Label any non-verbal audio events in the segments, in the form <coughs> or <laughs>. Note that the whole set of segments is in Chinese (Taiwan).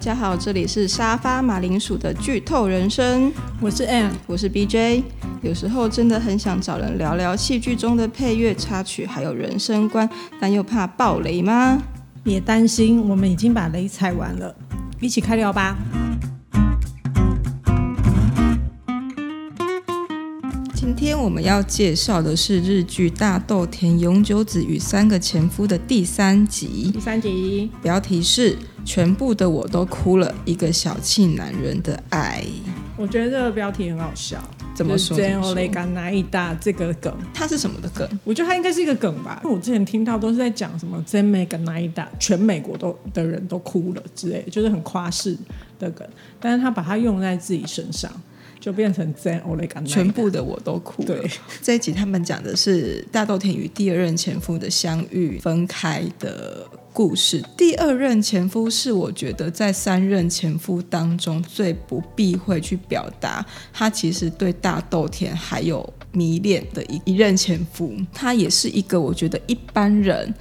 大家好，這裡是沙發馬鈴薯的劇透人生，我是 M 我是 BJ。有時候真的很想找人聊聊戲劇中的配樂插曲，還有人生觀，但又怕爆雷嗎？別擔心，我們已經把雷踩完了，一起開聊吧。今天我們要介紹的是日劇《大豆田永久子與三個前夫》的第三集。第三集，標題是。全部的我都哭了，一個小氣男人的愛，我覺得這個標題很好笑。怎麼說呢，這個梗，它是什麼的梗？我覺得它應該是一個梗吧。我之前聽到都是在講什麼「全米が泣いた」全美國都的人都哭了之類的，就是很誇飾的梗。但是他把它用在自己身上。就變成奶奶全部的我都哭了。對，這一集他們講的是大豆田與第二任前夫的相遇、分開的故事。第二任前夫是我覺得在三任前夫當中最不避諱去表達他其實對大豆田還有迷戀的一一任前夫。他也是一個我覺得一般人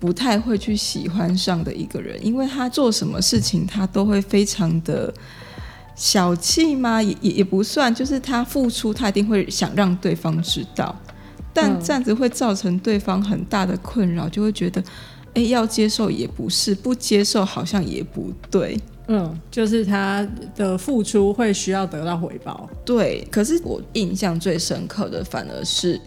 不太會去喜歡上的一個人，因為他做什麼事情他都會非常的。小氣嗎？也也也不算，就是他付出，他一定會想讓對方知道，但這樣子會造成對方很大的困擾，就會覺得，誒，要接受也不是，不接受好像也不對。嗯，就是他的付出會需要得到回報。對，可是我印象最深刻的反而是。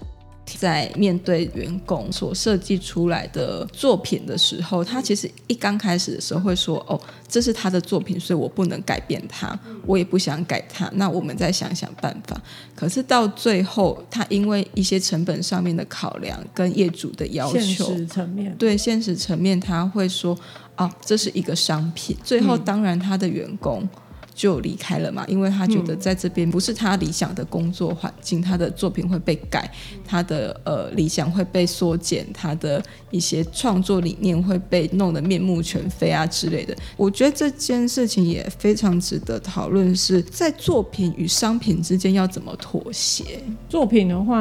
在面對員工所設計出來的作品的時候，他其實一剛開始的時候會說：“哦，這是他的作品，所以我不能改變他，我也不想改他。”那我們再想想辦法。可是到最後，他因為一些成本上面的考量跟業主的要求，對現實層面，現實層面他會說：“哦、啊，這是一個商品。”最後，當然他的員工。嗯就離開了嘛，因為他覺得在這邊不是他理想的工作環境，嗯，他的作品會被改，他的呃理想會被縮減，他的一些創作理念會被弄得面目全非啊之類的。我覺得這件事情也非常值得討論，是在作品與商品之間要怎麼妥協。作品的話，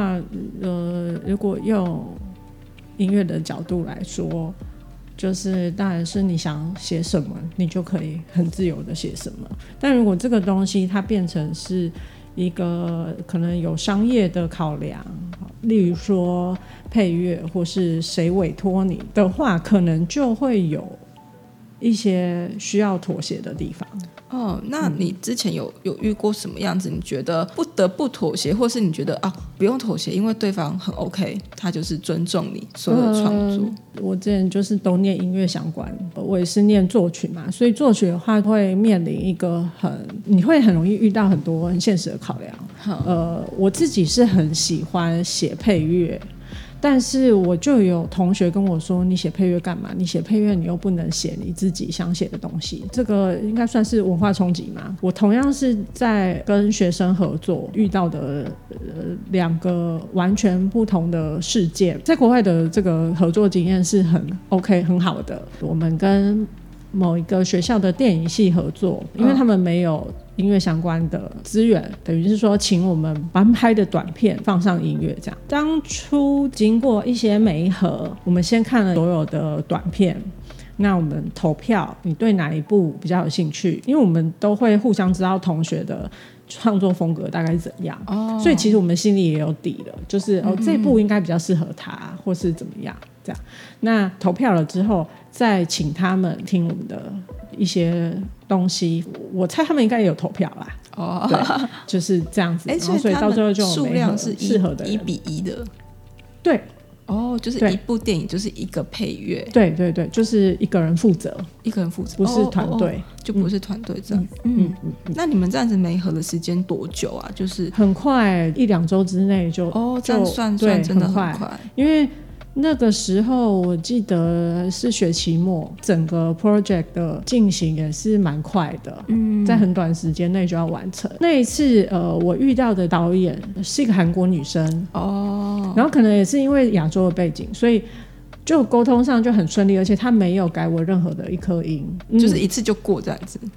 呃，如果用音樂的角度來說。就是，當然是你想寫什麼，你就可以很自由的寫什麼。但如果這個東西它變成是一個可能有商業的考量，例如說配樂或是誰委託你的話，可能就會有，一些需要妥協的地方。哦，那你之前有有遇過什麼樣子，嗯？你覺得不得不妥協，或是你覺得啊不用妥協，因為對方很 OK，他就是尊重你所有的創作。呃，我之前就是都念音樂相關，我也是念作曲嘛，所以作曲的話會面臨一個很，你會很容易遇到很多很現實的考量。嗯、呃，我自己是很喜歡寫配樂。但是我就有同學跟我說：“你寫配樂幹嘛？你寫配樂，你又不能寫你自己想寫的東西。”這個應該算是文化衝擊嘛？我同樣是在跟學生合作遇到的呃兩個完全不同的世界。在國外的這個合作經驗是很 OK，很好的。我們跟某一個學校的電影系合作，因為他們沒有。音樂相關的資源，等於是說，請我們翻拍的短片放上音樂，這樣。當初經過一些媒合，我們先看了所有的短片，那我們投票，你對哪一部比較有興趣？因為我們都會互相知道同學的創作風格大概是怎樣，哦、所以其實我們心裡也有底了，就是哦，這部應該比較適合他，或是怎麼樣這樣。那投票了之後，再請他們聽我們的。一些東西，我猜他們應該也有投票吧？哦、oh.，就是這樣子。欸、所以到最後就數量是一比一的。對，哦、oh,，就是一部電影就是一個配樂。對對對，就是一個人負責，一個人負責，不是團隊、oh, oh, oh, 嗯，就不是團隊這樣,子這樣子嗯嗯嗯。嗯，那你們這樣子沒合的時間多久啊？就是很快一，一兩周之內就哦，這樣算對算真的很快，因為。那個時候我記得是學期末，整個 project 的進行也是蠻快的，嗯，在很短時間內就要完成。那一次呃，我遇到的導演是一個韓國女生哦，然後可能也是因為亞洲的背景，所以就溝通上就很順利，而且她沒有改我任何的一顆音，就是一次就過這樣子，嗯，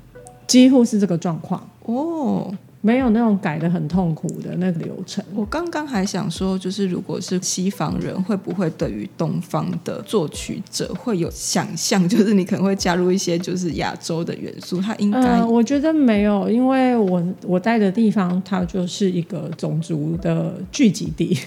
幾乎是這個狀況哦。沒有那種改的很痛苦的那個流程。我剛剛還想說，就是如果是西方人，會不會對於東方的作曲者會有想象？就是你可能會加入一些就是亞洲的元素。他應該，呃、我覺得沒有，因為我我待的地方，它就是一個種族的聚集地。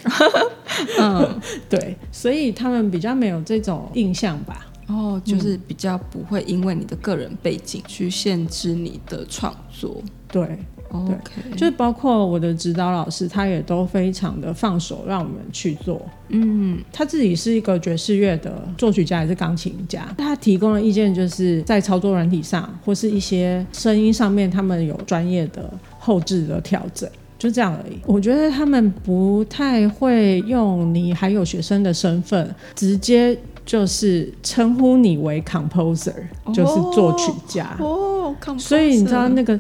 <laughs> 嗯， <laughs> 對，所以他們比較沒有這種印象吧？哦，就是比較不會因為你的個人背景去限制你的創作。嗯、對。對，哦 okay，就是包括我的指導老師，他也都非常的放手讓我們去做。嗯，他自己是一個爵士樂的作曲家，還是鋼琴家。他提供的意見就是在操作軟體上，或是一些聲音上面，他們有專業的後置的調整，就這樣而已。我覺得他們不太會用你還有學生的身份，直接就是稱呼你為 composer，哦，就是作曲家哦。所以你知道那個。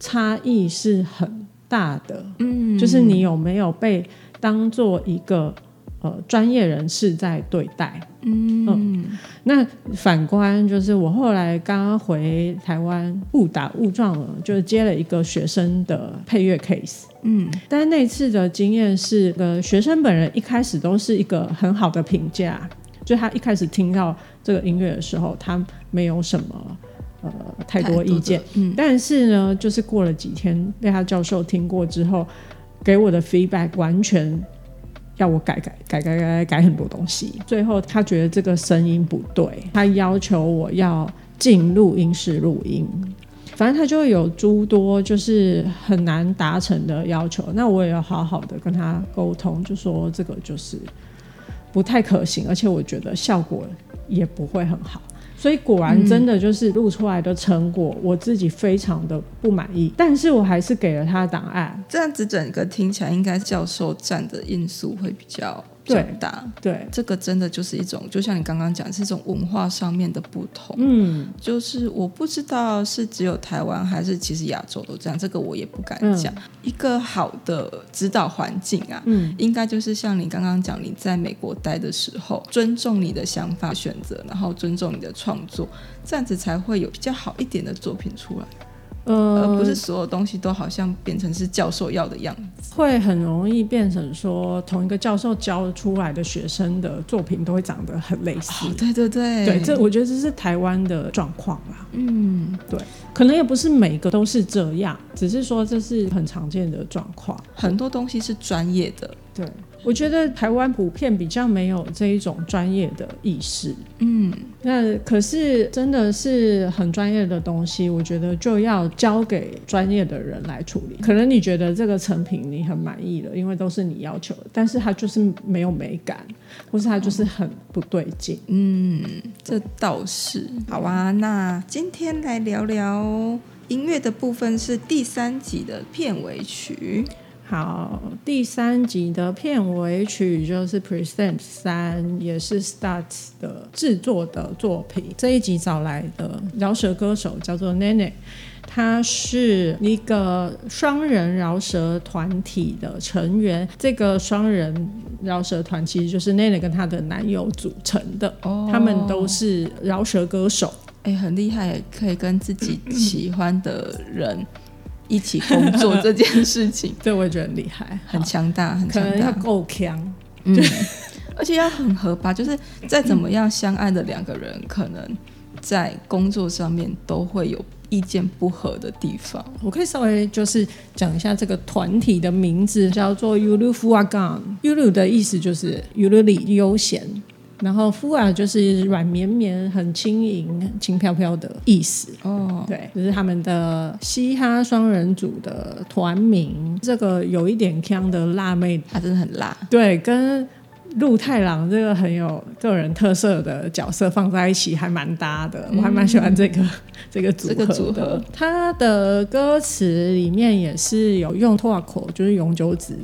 差異是很大的，嗯，就是你有沒有被當做一個呃專業人士在對待，嗯嗯。那反觀就是我後來剛剛回台灣，誤打誤撞了，就是接了一個學生的配樂 case，嗯，但是那次的經驗是，呃，學生本人一開始都是一個很好的評價，就他一開始聽到這個音樂的時候，他沒有什麼。呃，太多意見多。嗯，但是呢，就是過了幾天，被他教授聽過之後，給我的 feedback 完全要我改改改改改改很多東西。最後他覺得這個聲音不對，他要求我要進錄音室錄音。反正他就有諸多就是很難達成的要求，那我也要好好的跟他溝通，就說這個就是不太可行，而且我覺得效果也不會很好。所以果然真的就是錄出來的成果，嗯，我自己非常的不滿意。但是我還是給了他檔案。這樣子整個聽起來，應該教授佔的因素會比較。對，對這個真的就是一種，就像你剛剛講，是一種文化上面的不同。嗯，就是我不知道是只有台灣還是其實亞洲都這樣，這個我也不敢講。嗯，一個好的指導環境啊，嗯，應該就是像你剛剛講，你在美國待的時候，尊重你的想法、選擇，然後尊重你的創作，這樣子才會有比較好一點的作品出來。呃，不是所有東西都好像變成是教授要的樣子，會很容易變成說同一個教授教出來的學生的作品都會長得很類似。哦、對對對，對，這我覺得這是台灣的狀況吧？嗯，對，可能也不是每個都是這樣，只是說這是很常見的狀況。很多東西是專業的，對。我覺得台灣普遍比較沒有這一種專業的意識，嗯，那可是真的是很專業的東西，我覺得就要交給專業的人來處理。可能你覺得這個成品你很滿意了，因為都是你要求的，但是它就是沒有美感，或是它就是很不對勁，嗯，這倒是。好啊，那今天來聊聊音樂的部分，是第三集的片尾曲。好，第三集的片尾曲就是 Present 三，也是 Starts 的製作的作品。這一集找來的饒舌歌手叫做 Nene，他是一個雙人饒舌團體的成員。這個雙人饒舌團其實就是 Nene 跟他的男友組成的。哦、oh.，他們都是饒舌歌手，哎、欸，很厲害，可以跟自己喜歡的人。 <coughs> 一起工作這件事情， <laughs> 對，我也覺得很厲害，很強大，很強大，夠強，對、嗯，而且要很合吧，就是再怎麼樣相愛的兩個人、嗯，可能在工作上面都會有意見不合的地方。我可以稍微就是講一下這個團體的名字，叫做 Yurufuwa Gang。Yuru 的意思就是 yurui 悠閒。然後 f u 就是軟綿綿、很輕盈、輕飄飄的意思。哦，對，這、就是他們的嘻哈雙人組的團名。這個有一點腔的辣妹，她真的很辣。對，跟鹿太郎這個很有個人特色的角色放在一起，還蠻搭的。嗯、我還蠻喜歡這個這個組合的。這個組合，他的歌詞裡面也是有用 Towako 就是永久子。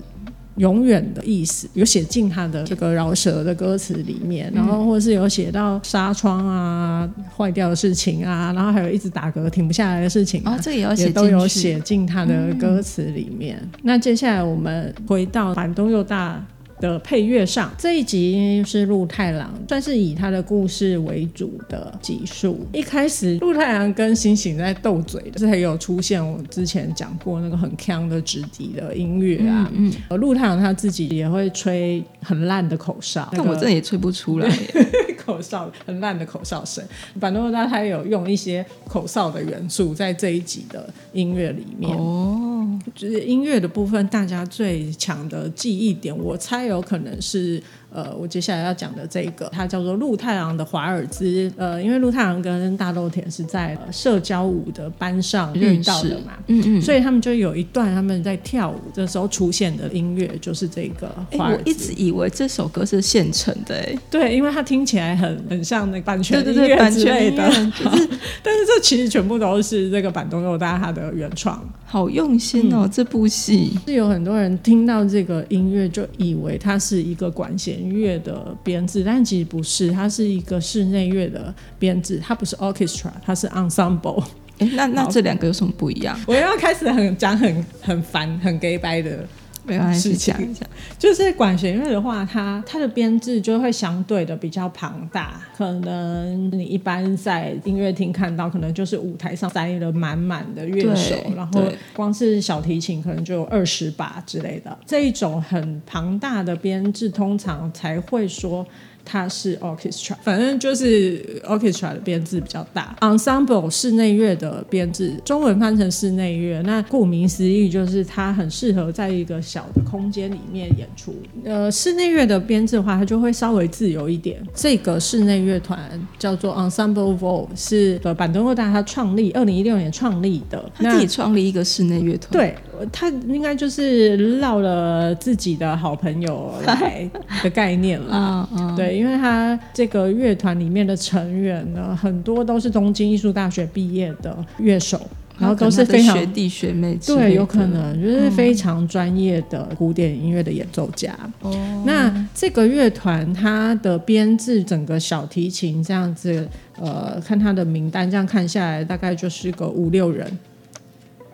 永遠的意思有寫進他的這個饒舌的歌詞裡面，然後或是有寫到紗窗啊壞掉的事情啊，然後還有一直打嗝停不下來的事情啊，哦、這寫進也要寫都有寫進他的歌詞裡面、嗯。那接下來我們回到坂東又大。的配樂上，這一集是鹿太郎算是以他的故事為主的集數。一開始，鹿太郎跟星星在鬥嘴，就是很有出現我之前講過那個很強的直笛的音樂啊。嗯，嗯、鹿太郎他自己也會吹很爛的口哨，但我這也吹不出來，哎、口哨很爛的口哨聲。反正他他有用一些口哨的元素在這一集的音樂裡面。哦。就是音樂的部分，大家最強的記憶點，我猜有可能是呃，我接下來要講的這一個，它叫做鹿太郎的華爾茲。呃，因為鹿太郎跟大豆田是在、呃、社交舞的班上遇到的嘛，嗯嗯，所以他們就有一段他們在跳舞的時候出現的音樂就是這個華爾滋、欸、我一直以為這首歌是現成的、欸，哎，對，因為它聽起來很很像那版權音樂之類的，對對對對對對的、就是，但是這其實全部都是這個坂東祐大他的原創。好用心哦！嗯、這部戲是有很多人聽到這個音樂就以為它是一個管弦樂的編制，但其實不是，它是一個室內樂的編制。它不是 orchestra，它是 ensemble。哎、欸，那那這兩個有什麼不一樣？我要開始很講很很煩很 gay 的。沒關係，講一講，就是管弦樂的話，它它的編制就會相對的比較龐大，可能你一般在音樂廳看到，可能就是舞台上塞了滿滿的樂手，然後光是小提琴可能就有二十把之類的，這一種很龐大的編製，通常才會說。它是 orchestra，反正就是 orchestra 的編制比較大。ensemble 室內樂的編制，中文翻成室內樂。那顧名思義，就是它很適合在一個小的空間裡面演出。呃，室內樂的編制的話，它就會稍微自由一點。這個室內樂團叫做 Ensemble FOVE，是呃，坂東祐大他創立，二零一六年創立的，他自己創立一個室內樂團。對。他應該就是繞了自己的好朋友來的概念了。 <laughs> uh, uh, 對，因為他這個樂團裡面的成員呢，很多都是東京藝術大學畢業的樂手，然後，然後都是非常學弟學妹，對，有可能就是非常專業的古典音樂的演奏家。嗯，那這個樂團它的編制，整個小提琴這樣子，呃，看他的名單這樣看下來，大概就是個五六人。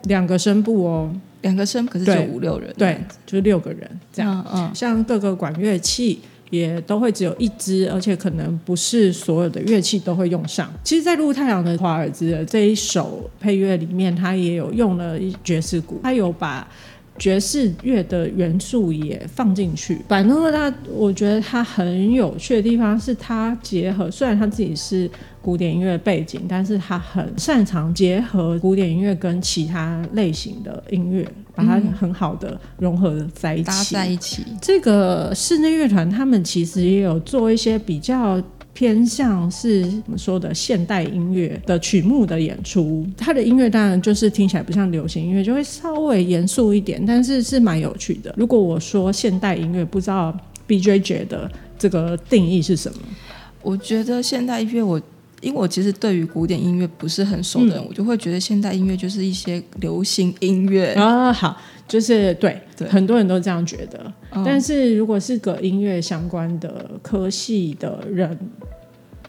兩個聲部哦，兩，兩個聲可是只有五六人，對，就是六個人這樣、嗯嗯。像各個管樂器也都會只有一支，而且可能不是所有的樂器都會用上。其實，在《鹿太郎的華爾茲》的這一首配樂裡面，它也有用了爵士鼓，它有把。爵士樂的元素也放進去。反正他，我覺得他很有趣的地方是，他結合雖然他自己是古典音樂背景，但是他很擅長結合古典音樂跟其他類型的音樂，把它很好的融合在一起。嗯，搭在一起。這個室內樂團他們其實也有做一些比較。偏向是我們說的現代音樂的曲目的演出，它的音樂當然就是聽起來不像流行音樂，就會稍微嚴肅一點，但是是蠻有趣的。如果我說現代音樂，不知道 BJJ 的這個定義是什麼？我覺得現代音樂，我因為我其實對於古典音樂不是很熟的人，嗯，我就會覺得現代音樂就是一些流行音樂啊。好。就是對，對，很多人都這樣覺得。哦、但是如果是個音樂相關的科系的人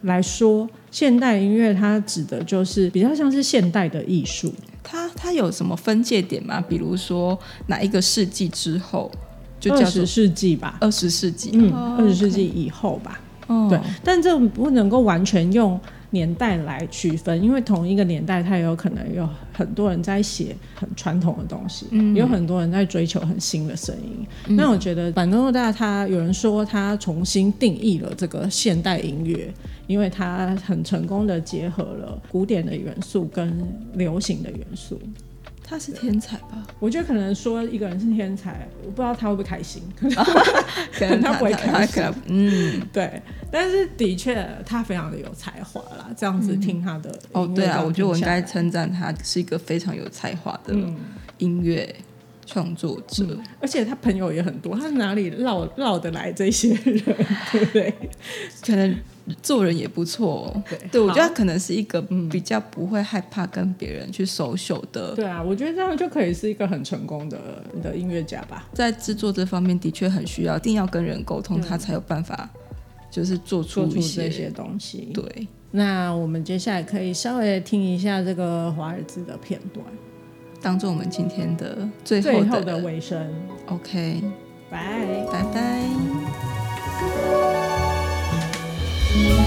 來說，現代音樂它指的就是比較像是現代的藝術。它它有什麼分界點嗎？比如說哪一個世紀之後，就叫二十世紀吧，二十世紀，嗯，哦、okay、二十世紀以後吧、哦。對，但這不能夠完全用年代來區分，因為同一個年代，它也有可能有很多人在寫很傳統的東西，嗯、也有很多人在追求很新的聲音、嗯。那我覺得坂東祐大，他有人說他重新定義了這個現代音樂，因為他很成功的結合了古典的元素跟流行的元素。他是天才吧？我覺得可能說一個人是天才，我不知道他會不會開心，啊、可能 <laughs> 可能他不會開心。嗯，對，但是的確他非常的有才華啦。這樣子聽他的音樂要聽下來。哦，對啊，我覺得我應該稱讚他是一個非常有才華的音樂。嗯創作者、嗯，而且他朋友也很多，他哪裡嘮嘮得來這些人， <laughs> 對不對？可能做人也不錯、哦，對，對，我覺得他可能是一個、嗯、比較不會害怕跟別人去熟手的。對啊，我覺得這樣就可以是一個很成功的的音樂家吧。在製作這方面的確很需要，一定要跟人溝通，嗯、他才有辦法就是做出一些做出這些東西。對，那我們接下來可以稍微聽一下這個華爾茲的片段。當做我們今天的最後的，最後的尾聲，OK，拜拜拜拜。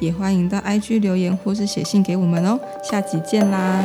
也歡迎到 IG 留言或是寫信給我們哦，下集見啦！